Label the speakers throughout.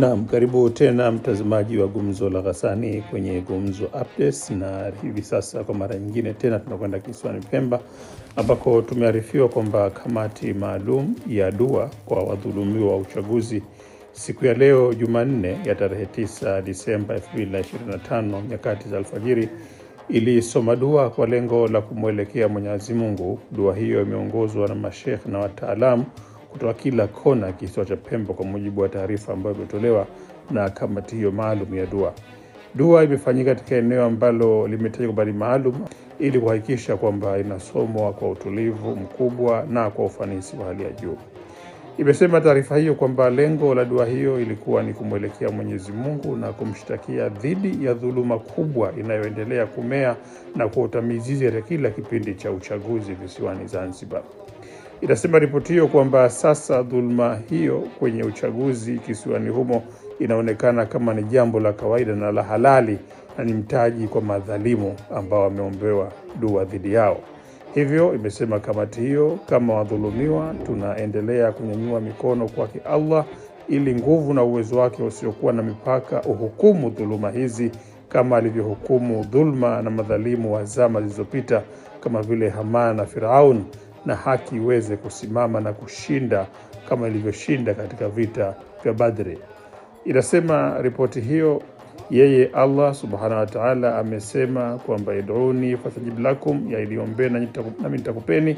Speaker 1: Naam, karibu tena mtazamaji wa Gumzo la Ghassani kwenye Gumzo Updates, na hivi sasa kwa mara nyingine tena tunakwenda kisiwani Pemba ambako tumearifiwa kwamba kamati maalum ya dua kwa wadhulumiwa wa uchaguzi siku ya leo Jumanne ya tarehe 9 Disemba 2025 nyakati za alfajiri ilisoma dua kwa lengo la kumwelekea Mwenyezi Mungu. Dua hiyo imeongozwa na mashekh na wataalamu kutoka kila kona kisiwa cha Pemba, kwa mujibu wa taarifa ambayo imetolewa na kamati hiyo maalum ya dua. Dua imefanyika katika eneo ambalo limetajwa kwamba ni maalum ili kuhakikisha kwamba inasomwa kwa utulivu mkubwa na kwa ufanisi wa hali ya juu. Imesema taarifa hiyo kwamba lengo la dua hiyo ilikuwa ni kumwelekea Mwenyezi Mungu na kumshtakia dhidi ya dhuluma kubwa inayoendelea kumea na kuota mizizi katika kila kipindi cha uchaguzi visiwani Zanzibar. Inasema ripoti hiyo kwamba sasa dhuluma hiyo kwenye uchaguzi kisiwani humo inaonekana kama ni jambo la kawaida na la halali na ni mtaji kwa madhalimu ambao wameombewa dua dhidi yao. Hivyo imesema kamati hiyo, kama wadhulumiwa, tunaendelea kunyanyua mikono kwake Allah ili nguvu na uwezo wake usiokuwa na mipaka uhukumu dhuluma hizi kama alivyohukumu dhulma na madhalimu wa zama zilizopita kama vile Haman na Firaun na haki iweze kusimama na kushinda kama ilivyoshinda katika vita vya Badri. Inasema ripoti hiyo, yeye Allah subhanahu wa taala amesema kwamba iduni fastajib lakum, yaniombeni nami nitakupeni.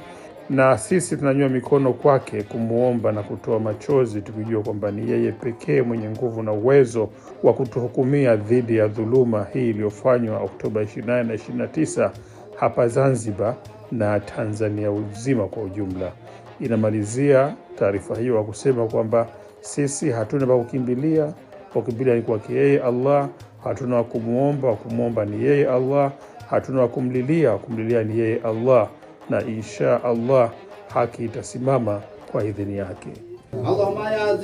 Speaker 1: Na sisi tunanyua mikono kwake kumwomba na kutoa machozi tukijua kwamba ni yeye pekee mwenye nguvu na uwezo wa kutuhukumia dhidi ya dhuluma hii iliyofanywa Oktoba 28 na 29 hapa Zanzibar na Tanzania uzima kwa ujumla. Inamalizia taarifa hiyo kwa kusema kwamba sisi hatuna pa kukimbilia, wakimbilia ni kwake yeye Allah. Hatuna wa kumwomba, kumwomba ni yeye Allah. Hatuna wa kumlilia, kumlilia ni yeye Allah, na insha Allah haki itasimama kwa idhini yake. Allahumma ya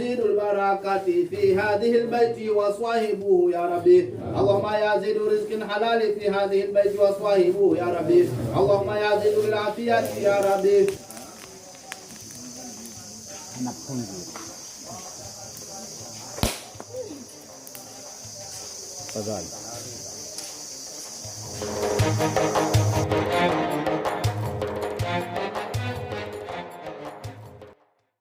Speaker 1: وبركاته في هذه البيت وصاحبه يا ربي اللهم يا زيد رزق حلال في هذه البيت وصاحبه يا ربي اللهم يا زيد العافيه يا ربي Thank you.